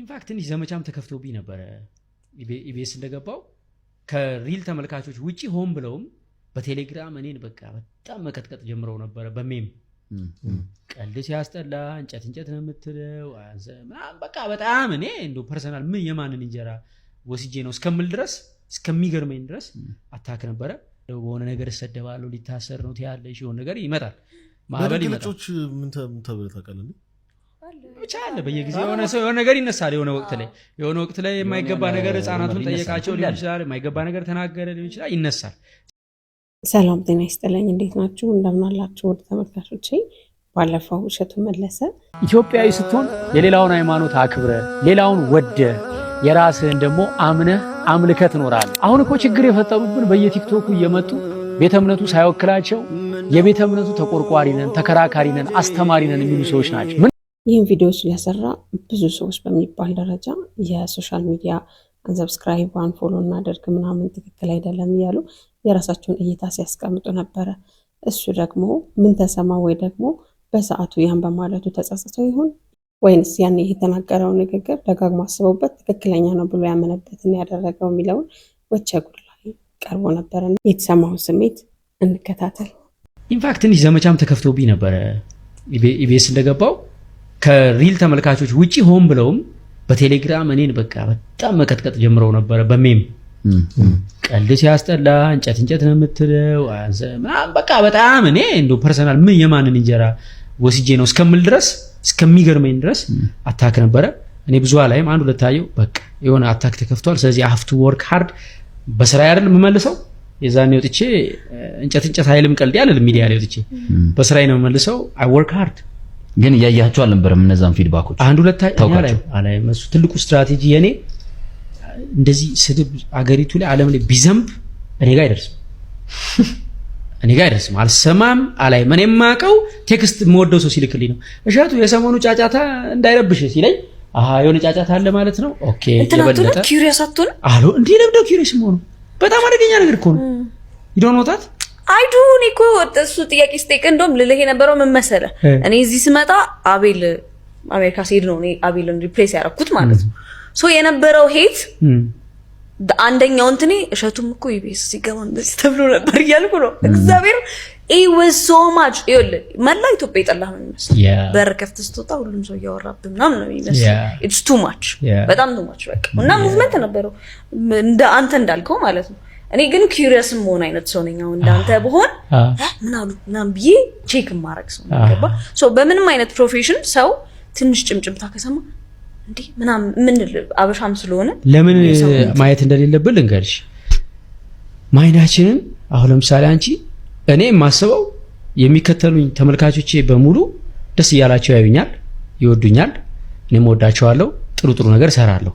ኢንፋክት ትንሽ ዘመቻም ተከፍቶብኝ ነበረ ኢቤስ እንደገባው ከሪል ተመልካቾች ውጪ ሆን ብለውም በቴሌግራም እኔን በቃ በጣም መቀጥቀጥ ጀምረው ነበረ። በሜም ቀልድ ሲያስጠላ እንጨት እንጨት ነው የምትለው በቃ በጣም እኔ እንደ ፐርሰናል ምን የማንን እንጀራ ወስጄ ነው እስከምል ድረስ እስከሚገርመኝ ድረስ አታክ ነበረ። በሆነ ነገር እሰደባለሁ፣ ሊታሰር ነው ትያለሽ፣ የሆነ ነገር ይመጣል። ማበል ይመጣል። ምን ተብለ ታውቃለህ? ብቻ አለ የሆነ ሰው የሆነ ነገር ይነሳል። የሆነ ወቅት ላይ የሆነ ወቅት ላይ የማይገባ ነገር ህጻናቱን ጠየቃቸው ሊሆን ይችላል። የማይገባ ነገር ተናገረ ሊሆን ይችላል። ይነሳል። ሰላም ጤና ይስጥልኝ። እንዴት ናችሁ? እንደምናላችሁ ወደ ተመልካቾች። ባለፈው እሸቱ መለሰ ኢትዮጵያዊ ስትሆን የሌላውን ሃይማኖት አክብረ ሌላውን ወደ የራስህን ደግሞ አምነህ አምልከ ትኖራለህ። አሁን እኮ ችግር የፈጠሩብን በየቲክቶኩ እየመጡ ቤተ እምነቱ ሳይወክላቸው የቤተ እምነቱ ተቆርቋሪ ነን፣ ተከራካሪ ነን፣ አስተማሪ ነን የሚሉ ሰዎች ናቸው። ይህን ቪዲዮ ስለሰራ ብዙ ሰዎች በሚባል ደረጃ የሶሻል ሚዲያ አንሰብስክራይብ አንፎሎ እናደርግ ምናምን ትክክል አይደለም እያሉ የራሳቸውን እይታ ሲያስቀምጡ ነበረ። እሱ ደግሞ ምን ተሰማ ወይ ደግሞ በሰዓቱ ያን በማለቱ ተጸጽተው ይሆን ወይንስ ያን የተናገረው ንግግር ደጋግሞ አስበውበት ትክክለኛ ነው ብሎ ያመነበትን ያደረገው የሚለውን ወቸ ጉድ ላይ ቀርቦ ነበረ። የተሰማውን ስሜት እንከታተል። ኢንፋክት እንዲህ ዘመቻም ተከፍቶብኝ ነበረ ኢቤስ እንደገባው ከሪል ተመልካቾች ውጪ ሆን ብለውም በቴሌግራም እኔን በቃ በጣም መቀጥቀጥ ጀምረው ነበረ። በሜም ቀልድ ሲያስጠላ እንጨት እንጨት ነው የምትለው በቃ በጣም እኔ እንደ ፐርሰናል ምን የማንን እንጀራ ወስጄ ነው እስከምል ድረስ እስከሚገርመኝ ድረስ አታክ ነበረ። እኔ ብዙ ላይም አንድ ሁለት በቃ የሆነ አታክ ተከፍቷል። ስለዚህ አፍቱ ወርክ ሀርድ በስራ አይደል የምመልሰው የዛኔ ወጥቼ እንጨት እንጨት ኃይልም ቀልድ ያለል ሚዲያ ላይ ወጥቼ በስራ ነው የምመልሰው። አይ ወርክ ሃርድ ግን እያያችሁ አልነበረም? እነዛን ፊድባኮች አንድ ሁለት ላይ ትልቁ ስትራቴጂ የኔ እንደዚህ ስድብ አገሪቱ ላይ ዓለም ላይ ቢዘንብ እኔ ጋር አይደርስም፣ እኔ ጋር አይደርስም። አልሰማም አላይ ምን የማውቀው ቴክስት የምወደው ሰው ሲልክልኝ ነው። እሸቱ የሰሞኑ ጫጫታ እንዳይረብሽ ሲለኝ አሀ የሆነ ጫጫታ አለ ማለት ነው። ኦኬ ለበለጠ ኪሪያስ አትሆነ አሎ እንዴ ለምደው ኪሪያስ መሆኑ በጣም አደገኛ ነገር እኮ ነው። ይዶኖታት አይዱ እኔ እኮ እሱ ጥያቄ ስጠይቅ እንደውም ልልህ የነበረው ምን መሰለህ፣ እኔ እዚህ ስመጣ አቤል አሜሪካ ሲሄድ ነው እኔ አቤልን ሪፕሌስ ያደረኩት ማለት ነው። ሶ የነበረው ሄት አንደኛው እንትኔ እሸቱም እኮ ኢቢኤስ ሲገባ እንደዚህ ተብሎ ነበር እያልኩ ነው። እግዚአብሔር ኢት ሶ ማች ይኸውልህ፣ መላ ኢትዮጵያ የጠላህ ነው የሚመስል በር ከፍት ስትወጣ ሁሉም ሰው እያወራብህ ምናምን ነው የሚመስል። ኢትስ ቱ ማች በጣም ቱ ማች በቃ። እና ሙቭመንት ነበረው እንደ አንተ እንዳልከው ማለት ነው እኔ ግን ኪሪየስ መሆን አይነት ሰው ነኝ። አሁን እንዳንተ ብሆን ምናሉ ምናም ብዬ ቼክ ማድረግ ሰው ገባ። በምንም አይነት ፕሮፌሽን ሰው ትንሽ ጭምጭምታ ከሰማ እንዴ ምናም ምን አበሻም ስለሆነ ለምን ማየት እንደሌለብን ልንገርሽ። ማይናችንን አሁን ለምሳሌ አንቺ እኔ የማስበው የሚከተሉኝ ተመልካቾቼ በሙሉ ደስ እያላቸው ያዩኛል፣ ይወዱኛል፣ እኔም ወዳቸዋለሁ። ጥሩ ጥሩ ነገር እሰራለሁ።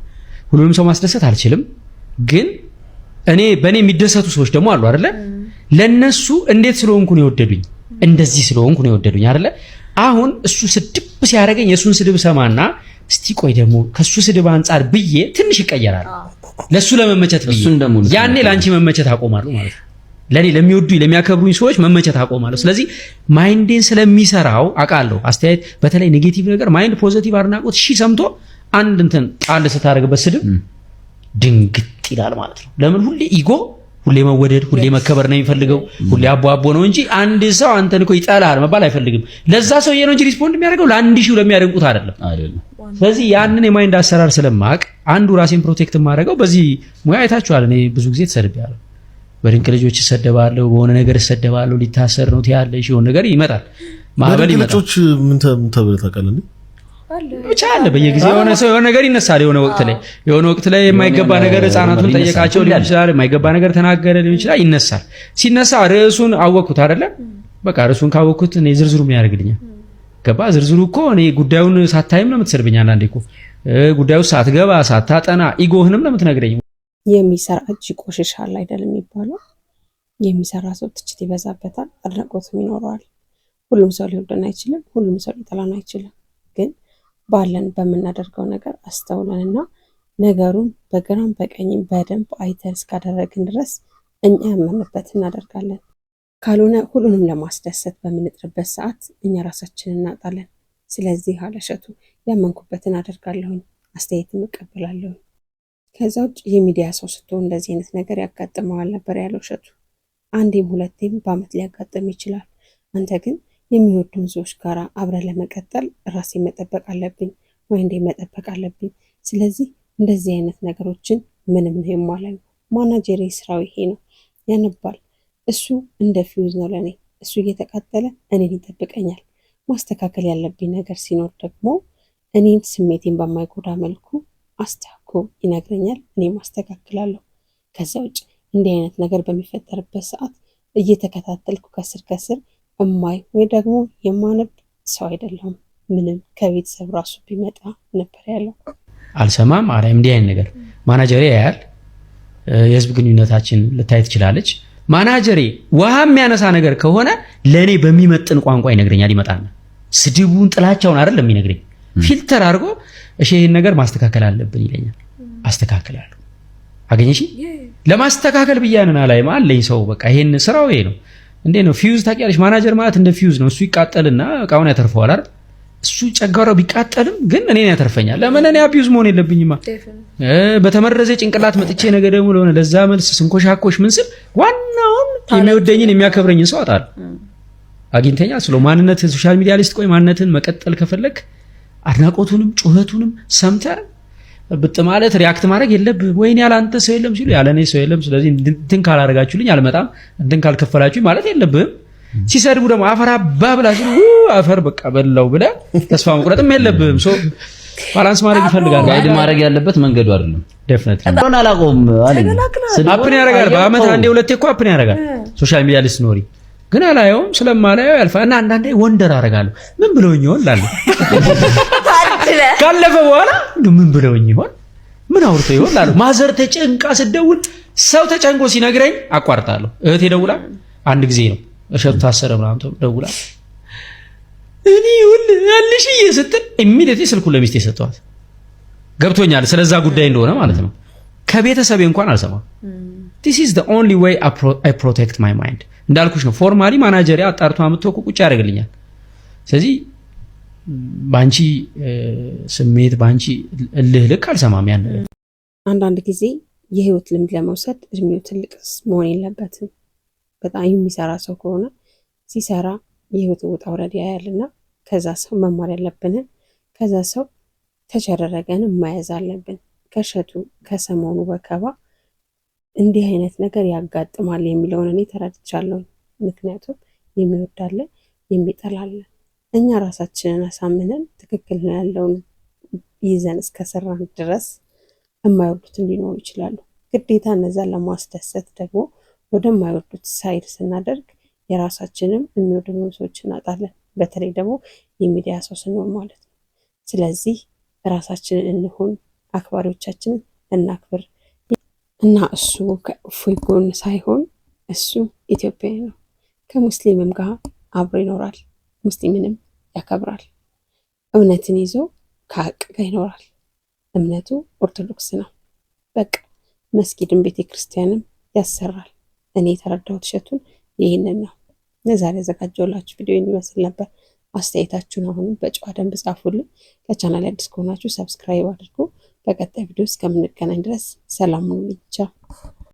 ሁሉንም ሰው ማስደሰት አልችልም ግን እኔ በእኔ የሚደሰቱ ሰዎች ደግሞ አሉ አይደለ? ለነሱ እንዴት ስለሆንኩ ነው የወደዱኝ፣ እንደዚህ ስለሆንኩ ነው የወደዱኝ አይደለ? አሁን እሱ ስድብ ሲያደርገኝ የእሱን ስድብ ሰማና እስቲ ቆይ ደግሞ ከእሱ ስድብ አንጻር ብዬ ትንሽ ይቀየራል፣ ለእሱ ለመመቸት ብዬ ያኔ ለአንቺ መመቸት አቆማለሁ ማለት ነው። ለእኔ ለሚወዱ ለሚያከብሩኝ ሰዎች መመቸት አቆማለሁ። ስለዚህ ማይንዴን ስለሚሰራው አውቃለሁ። አስተያየት በተለይ ኔጌቲቭ ነገር ማይንድ ፖዘቲቭ አድናቆት ሺህ ሰምቶ አንድ እንትን ጣል ስታደርግበት ስድብ ድንግት ይላል ማለት ነው። ለምን ሁሌ ኢጎ፣ ሁሌ መወደድ፣ ሁሌ መከበር ነው የሚፈልገው። ሁሌ አቦ አቦ ነው እንጂ አንድ ሰው አንተን እኮ ይጠላል መባል አይፈልግም። ለዛ ሰውዬ ነው እንጂ ሪስፖንድ የሚያደርገው ለአንድ ሺው ለሚያደንቁት አይደለም። ስለዚህ ያንን የማይንድ አሰራር ስለማቅ አንዱ ራሴን ፕሮቴክት የማደርገው በዚህ ሙያ አይታችኋል። እኔ ብዙ ጊዜ ተሰድቤያለሁ። በድንቅ ልጆች እሰደባለሁ፣ በሆነ ነገር እሰደባለሁ። ሊታሰር ነው ትያለሽ፣ የሆነ ነገር ይመጣል፣ ማዕበል ይመጣል። ምን ተብለህ ታውቃለህ? ብቻ አለ። በየጊዜ የሆነ ሰው የሆነ ነገር ይነሳል። የሆነ ወቅት ላይ የሆነ ወቅት ላይ የማይገባ ነገር ህፃናቱን ጠየቃቸው ሊሆን ይችላል፣ የማይገባ ነገር ተናገረ ሊሆን ይችላል። ይነሳል። ሲነሳ ርዕሱን አወቅኩት አይደለም? በቃ ርዕሱን ካወቅኩት እኔ ዝርዝሩ ምን ያደርግልኛል? ገባ ዝርዝሩ እኮ እኔ ጉዳዩን ሳታይም ነው የምትሰርብኝ። አንዳንዴ እኮ ጉዳዩ ሳትገባ ሳታጠና ኢጎህንም ነው የምትነግረኝ። የሚሰራ እጅ ቆሽሻል አይደለም የሚባለው። የሚሰራ ሰው ትችት ይበዛበታል፣ አድናቆትም ይኖረዋል። ሁሉም ሰው ሊወደን አይችልም፣ ሁሉም ሰው ሊጠላን አይችልም ግን ባለን በምናደርገው ነገር አስተውለን እና ነገሩን በግራም በቀኝም በደንብ አይተን እስካደረግን ድረስ እኛ ያመንበት እናደርጋለን። ካልሆነ ሁሉንም ለማስደሰት በምንጥርበት ሰዓት እኛ ራሳችን እናጣለን። ስለዚህ አለሸቱ ያመንኩበትን አደርጋለሁኝ፣ አስተያየትም እቀበላለሁ። ከዛ ውጭ የሚዲያ ሰው ስትሆን እንደዚህ አይነት ነገር ያጋጥመዋል ነበር ያለው እሸቱ። አንዴም ሁለቴም በአመት ሊያጋጥም ይችላል። አንተ ግን የሚወዱን ሰዎች ጋር አብረን ለመቀጠል ራሴ መጠበቅ አለብኝ፣ እንዴ መጠበቅ አለብኝ። ስለዚህ እንደዚህ አይነት ነገሮችን ምንም ነው የማላዩ። ማናጀር ስራው ይሄ ነው ያነባል። እሱ እንደ ፊውዝ ነው ለእኔ። እሱ እየተቃጠለ እኔን ይጠብቀኛል። ማስተካከል ያለብኝ ነገር ሲኖር ደግሞ እኔን ስሜቴን በማይጎዳ መልኩ አስተካክሎ ይነግረኛል። እኔ ማስተካክላለሁ። ከዛ ውጭ እንዲህ አይነት ነገር በሚፈጠርበት ሰዓት እየተከታተልኩ ከስር ከስር እማይ ወይ ደግሞ የማነብ ሰው አይደለሁም። ምንም ከቤተሰብ ራሱ ቢመጣ ነበር ያለው። አልሰማም አላ እንዲህ አይነት ነገር ማናጀሬ ያያል። የህዝብ ግንኙነታችን ልታይ ትችላለች። ማናጀሬ ውሃ የሚያነሳ ነገር ከሆነ ለእኔ በሚመጥን ቋንቋ ይነግረኛል። ይመጣና ስድቡን ጥላቻውን አይደለም የሚነግረኝ፣ ፊልተር አድርጎ እሺ ይህን ነገር ማስተካከል አለብን ይለኛል። አስተካክላለሁ። አገኘሽ ለማስተካከል ብያንን አላይ ማለኝ ሰው በቃ ይሄን ስራው ይሄ ነው። እንዴ ነው ፊውዝ ታውቂያለሽ? ማናጀር ማለት እንደ ፊውዝ ነው። እሱ ይቃጠልና እቃውን ያተርፈዋል አይደል? እሱ ጨጓራው ቢቃጠልም ግን እኔን ያተርፈኛል። ለምን እኔ አቢዩዝ መሆን የለብኝማ። በተመረዘ ጭንቅላት መጥቼ ነገ ደግሞ ለሆነ ለዛ መልስ ስንኮሻኮሽ ምን ስል ዋናውን የሚወደኝን የሚያከብረኝን ሰው አጣል አግኝተኛ ስለ ማንነት ሶሻል ሚዲያ ሊስት ቆይ ማንነትን መቀጠል ከፈለክ አድናቆቱንም ጩኸቱንም ሰምተ ብጥ ማለት ሪያክት ማድረግ የለብህ ወይኔ ያላንተ ሰው የለም ሲሉ ያለኔ ሰው የለም ስለዚህ እንትን ካላደረጋችሁልኝ አልመጣም እንትን ካልከፈላችሁ ማለት የለብህም ሲሰድቡ ደግሞ አፈር አባ ብላ ሲሉ አፈር በቃ በላው ብለ ተስፋ መቁረጥም የለብህም ባላንስ ማድረግ ይፈልጋል ጋይድ ማድረግ ያለበት መንገዱ አይደለም ዴፍኔትሊ ሆነ አላቆም አለኝ አፕን ያደርጋል በአመት አንዴ ሁለቴ እኮ አፕን ያደርጋል ሶሻል ሚዲያ ልስኖሪ ግን አላየውም ስለማላየው ያልፋ እና አንዳንዴ ወንደር አደርጋለሁ ምን ብለውኝ ይሆን እላለሁ ካለፈ በኋላ ምን ብለውኝ ይሆን ምን አውርቶ ይሆን ላሉ ማዘር ተጨንቃ ስደውል ሰው ተጨንቆ ሲነግረኝ አቋርጣለሁ። እህቴ ደውላ አንድ ጊዜ ነው እሸቱ ታሰረ ምናምን ደውላ እኔ ይሁን ያልሽ ስትል ኢሚዲየትሊ ስልኩን ለሚስቴ ሰጠዋት። ገብቶኛል ስለዛ ጉዳይ እንደሆነ ማለት ነው። ከቤተሰቤ እንኳን አልሰማም። ዲስ ኢዝ ዘ ኦንሊ ዌይ አይ ፕሮቴክት ማይ ማይንድ። እንዳልኩሽ ነው ፎርማሊ ማናጀሪያ አጣርቶ አምጥቶ ቁጭ ያደርግልኛል። ስለዚህ በአንቺ ስሜት በአንቺ እልህ ልክ አልሰማም። ያን አንዳንድ ጊዜ የህይወት ልምድ ለመውሰድ እድሜው ትልቅ መሆን የለበትም። በጣም የሚሰራ ሰው ከሆነ ሲሰራ የህይወት ውጣ ውረድ ያያልና ከዛ ሰው መማር ያለብንን ከዛ ሰው ተቸረረገን መያዝ አለብን። ከሸቱ ከሰሞኑ ወከባ እንዲህ አይነት ነገር ያጋጥማል የሚለውን እኔ ተረድቻለሁ። ምክንያቱም የሚወዳለን የሚጠላለን እኛ ራሳችንን አሳምነን ትክክል ነው ያለውን ይዘን እስከሰራን ድረስ የማይወዱትን ሊኖሩ ይችላሉ። ግዴታ እነዛን ለማስደሰት ደግሞ ወደማይወዱት ሳይድ ስናደርግ የራሳችንም የሚወዱን ሰዎች እናጣለን። በተለይ ደግሞ የሚዲያ ሰው ስንሆን ማለት ነው። ስለዚህ ራሳችንን እንሁን፣ አክባሪዎቻችንን እናክብር እና እሱ ከእፎይ ጎን ሳይሆን እሱ ኢትዮጵያዊ ነው፣ ከሙስሊምም ጋር አብሮ ይኖራል። ሙስሊምንም ያከብራል። እውነትን ይዞ ከሀቅ ጋር ይኖራል። እምነቱ ኦርቶዶክስ ነው። በቃ መስጊድን ቤተ ክርስቲያንም ያሰራል። እኔ የተረዳሁት እሸቱን ይህንን ነው። ለዛሬ ያዘጋጀሁላችሁ ቪዲዮ ይመስል ነበር። አስተያየታችሁን አሁንም በጨዋ ደንብ ጻፉል ለቻናል አዲስ ከሆናችሁ ሰብስክራይብ አድርጉ። በቀጣይ ቪዲዮ እስከምንገናኝ ድረስ ሰላም ሁኑልኝ። ቻው